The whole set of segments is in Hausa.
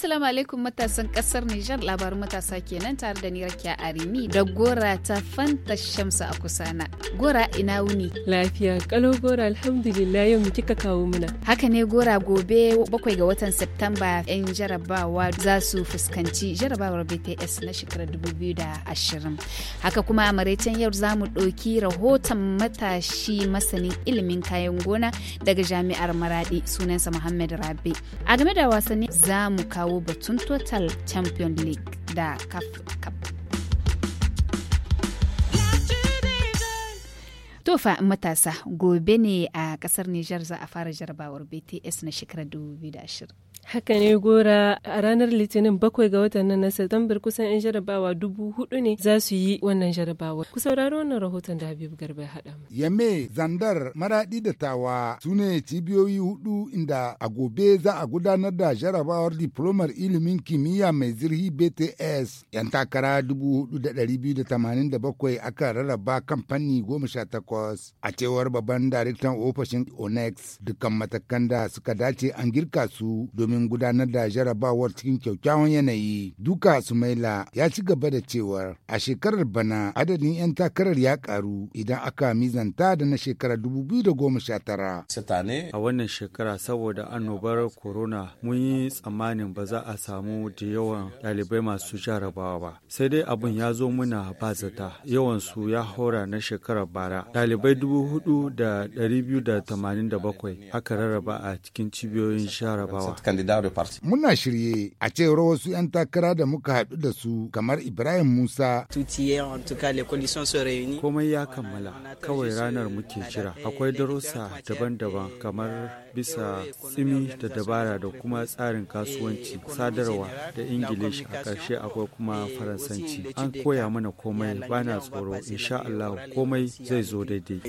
Assalamu alaikum matasan kasar Nijar labarin matasa kenan tare da ni Rakiya Arimi da Gora ta Fanta Shamsa a kusana. Gora ina wuni. Lafiya kalo Gora alhamdulillah yau mu kika kawo muna. Haka ne Gora gobe bakwai ga watan Septamba yan jarabawa za su fuskanci jarabawar BTS na shekarar ashirin Haka kuma a maraicen yau za mu ɗauki rahoton matashi masanin ilimin kayan gona daga jami'ar Maradi sunansa Muhammad Rabi. A game da wasanni za mu kawo kawo batun total champion league da caf cup tofa matasa gobe ne a kasar nijar za a fara jarabawar bts na shekarar 2020 Haka ne gora a ranar litinin bakwai ga watan nan na Satumbar kusan 'yan jarabawa dubu hudu ne za su yi wannan jarabawa. Ku saurari wannan rahoton da Habib Garba ya haɗa mu. Yame, Zandar, Maraɗi da Tawa su ne cibiyoyi hudu inda a gobe za a gudanar da jarabawar diplomar ilimin kimiyya mai zirhi BTS. 'Yan takara dubu hudu da ɗari biyu da tamanin da bakwai aka rarraba kan fanni goma sha takwas. A cewar babban daraktan ofishin Onex dukkan matakan da suka dace an girka su domin domin gudanar da jarabawar cikin kyakkyawan yanayi duka sumaila ya ci gaba da cewar a shekarar bana adadin 'yan takarar ya karu idan aka mizanta da na shekarar 2019 a wannan shekara saboda annobar corona mun yi tsammanin ba za a samu da yawan ɗalibai masu jarabawa ba sai dai abun ya zo muna ba zata yawan su ya haura na shekarar bara ɗalibai bakwai aka rarraba a cikin cibiyoyin jarabawa Muna shirye a cewar wasu 'yan takara da muka haɗu da su kamar Ibrahim Musa. Komai ya kammala kawai ranar muke jira. Akwai darussa daban-daban kamar bisa tsimi da dabara da kuma tsarin kasuwanci sadarwa da Ingilishi a ƙarshe akwai kuma Faransanci. An koya mana komai bana tsoro insha Allah komai zai zo daidai.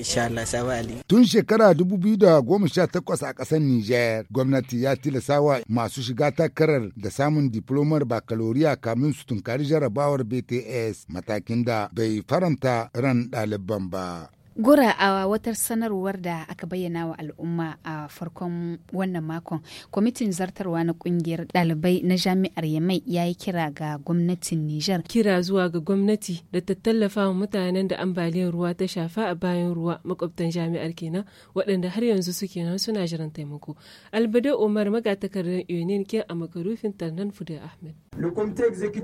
Tun shekara 2018 a ƙasar Nijar gwamnati ya tilasa wa masu shiga takarar da samun diplomar bakaloriya kamin su tunkari jarabawar bts matakin da bai faranta ran ɗaliban ba Gura a wata sanarwar da aka bayyana wa al'umma a farkon wannan makon, kwamitin zartarwa na kungiyar ɗalibai na jami'ar Yamai ya yi kira ga gwamnatin Nijar. Kira zuwa ga gwamnati da ta tallafa wa mutanen da ambaliyar ruwa ta shafa a bayan ruwa makwabtan jami'ar kenan waɗanda har yanzu suke nan suna jiran taimako. Albada Umar magatakardar Union ke a makarufin Tarnan Fude Ahmed.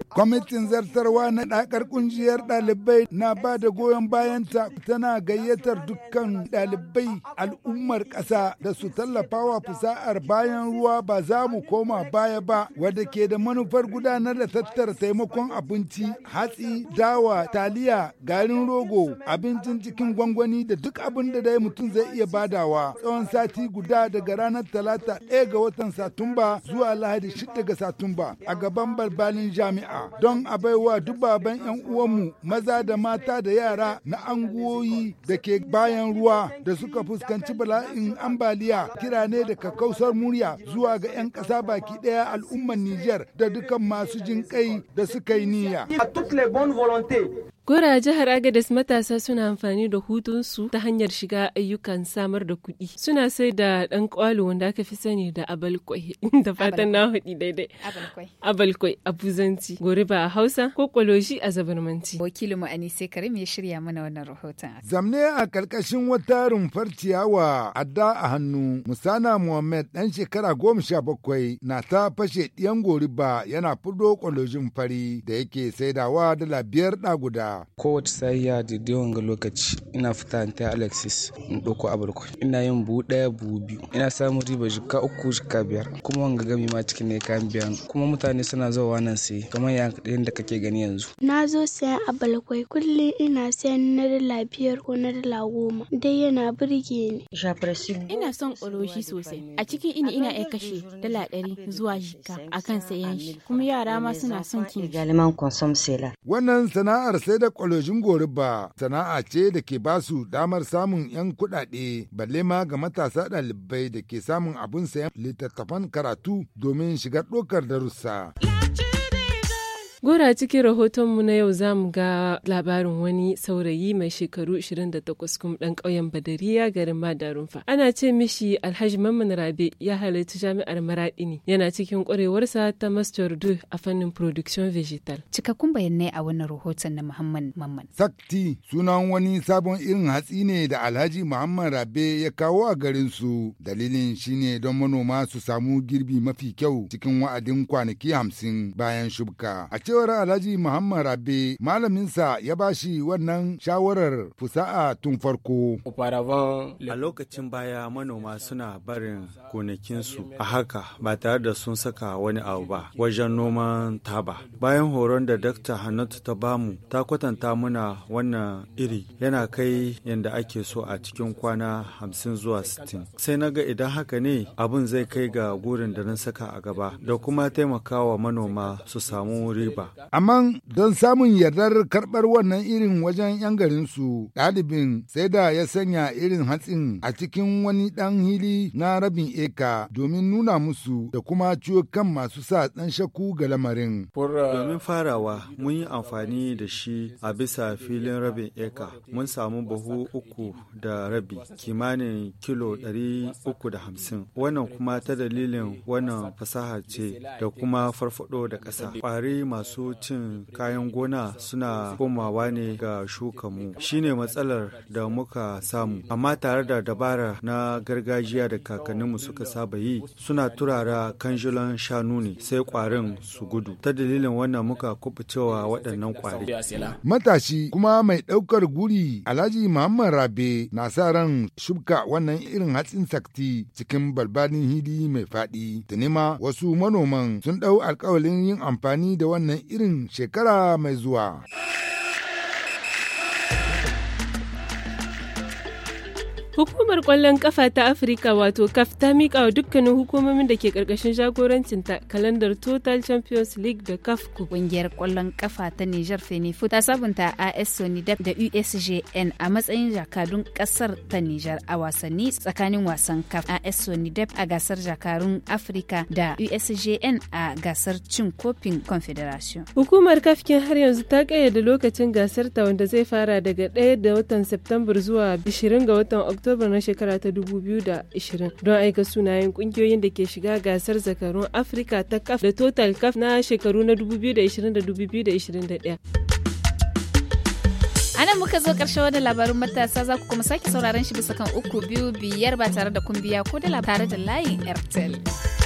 Kwamitin zartarwa na ɗakar ƙungiyar ɗalibai na ba da goyon bayanta tana gayyatar dukkan ɗalibai al'ummar ƙasa da su tallafawa fusa'ar bayan ruwa ba za mu koma baya ba wadda ke da manufar gudanar da tattara taimakon abinci, hatsi, dawa, taliya, garin rogo, abincin cikin gwangwani da duk abin da dai mutum zai iya badawa tsawon sati guda daga ranar talata ɗaya ga watan Satumba zuwa Lahadi shida ga Satumba a gaban balbalin jami'a don a baiwa dubaban 'yan uwanmu maza da mata da yara na anguwoyi da ke bayan ruwa da suka fuskanci bala'in ambaliya kira ne daga kausar murya zuwa ga 'yan ƙasa baki ɗaya al'ummar Nijar da dukan masu jin kai da suka yi niyya. Gora jihar Agadez matasa suna amfani da hutunsu ta hanyar shiga ayyukan samar da kuɗi. Suna sai da ɗan ƙwalo wanda aka fi sani da abalkwai da fatan na haɗi daidai. Abalkwai. a buzanci, goriba a Hausa ko kwaloshi a zabarmanci. Wakilinmu Anise Karim ya shirya mana wannan rahoton. Zamne a ƙarƙashin wata rumfar ciyawa da a hannu Musana Muhammad ɗan shekara goma sha bakwai na ta fashe ɗiyan goriba yana fudo kwaloshin fari da yake saidawa dala biyar ɗa guda. kowace kowace da daidai ga lokaci ina fita ta Alexis in ɗauko abarkwai. Ina yin bu ɗaya bu biyu. Ina samun riba jikka uku jikka biyar. Kuma wanga gami ma cikin ne kayan biya Kuma mutane suna zuwa nan sai kamar yadda kake gani yanzu. Na zo sayan abalkwai kullum ina sayan na dala biyar ko na dala goma. Dai yana burge ni. Ina son ƙoroshi sosai. A cikin ini ina iya kashe dala ɗari zuwa jikka akan sayan shi. Kuma yara ma suna son kin. Wannan sana'ar sai da da kwalojin goriba sana'a ce da ke ba su damar samun 'yan kuɗaɗe balle ma ga matasa ɗalibai da ke samun abun sayan littattafan karatu domin shigar ɗaukar darussa. Gora cikin rahotonmu na yau za mu ga labarin wani saurayi mai shekaru 28 kuma ɗan ƙauyen Badariya garin Madarunfa. Ana ce mishi Alhaji Mamman Rabe ya halarci jami'ar Maraɗi ne. Yana cikin ƙwarewarsa ta Master Du a fannin Production Vegetal. Cikakkun bayanai a wannan rahoton na Muhammad Mamman. Sakti sunan wani sabon irin hatsi ne da Alhaji Muhammad Rabe ya kawo a garin su. Dalilin shine don manoma su samu girbi mafi kyau cikin wa'adin kwanaki hamsin bayan shubka. A cewar Alhaji Muhammad Rabe malaminsa ya ba shi wannan shawarar fusa'a tun farko. A lokacin baya manoma suna barin gonakinsu a haka ba tare da sun saka wani abu ba wajen noman taba. Bayan horon da Dr. Hannatu ta bamu ta kwatanta muna wannan iri yana kai yadda ake so a cikin kwana hamsin zuwa sittin. Sai na ga idan haka ne abin zai kai ga gurin da na saka a gaba da kuma taimakawa manoma su samu riba. Amma don samun yardar karɓar wannan irin wajen 'yan garinsu, ɗalibin sai da ya sanya irin hatsin a cikin wani ɗan hili na rabin eka domin nuna musu da kuma ciwo kan masu sa ɗan shakku ga lamarin. Uh, domin farawa, mun yi amfani da shi a bisa filin rabin eka. Mun samu buhu uku da rabi, kimanin kilo 350. Wannan kuma ta dalilin wannan fasaha ce da kuma farfaɗo da ƙasa. Ƙwari masu masu cin kayan gona suna komawa ne ga shukanmu shine matsalar da muka samu amma tare da dabara na gargajiya da kakanninmu suka saba yi suna turara kanjulan shanu ne sai kwarin su gudu ta dalilin wannan muka kubucewa waɗannan kwari matashi kuma mai ɗaukar guri alhaji muhammad rabe na sa ran shuka wannan irin hatsin sakti cikin balbalin hili mai faɗi da nema wasu manoman sun ɗau alkawalin yin amfani da wannan irin shekara mai zuwa. Hukumar kwallon kafa ta Afirka wato CAF ta mika wa dukkanin hukumomin da ke karkashin jagorancinta kalandar Total Champions League da CAF ku. Kungiyar kwallon kafa ta Niger Fenifu ta sabunta AS Sonidap da USJN a matsayin jakadun kasar ta Niger a wasanni tsakanin wasan CAF AS Sonidap a gasar jakarun Afirka da USJN a gasar cin kofin Confederation. Hukumar CAF kin har yanzu ta kayyade lokacin gasar ta wanda zai fara daga 1 da watan September zuwa 20 ga watan Oktoba. Oktoba na shekara ta 2020 don aika sunayen kungiyoyin da ke shiga gasar zakarun Afirka ta kaf da Total kaf na shekaru na 2020 da 2021. A nan muka zo karshe wani labarin matasa za ku kuma sake sauraron shi bisa kan uku biyu biyar ba tare da kumbiya ko da tare da layin Airtel.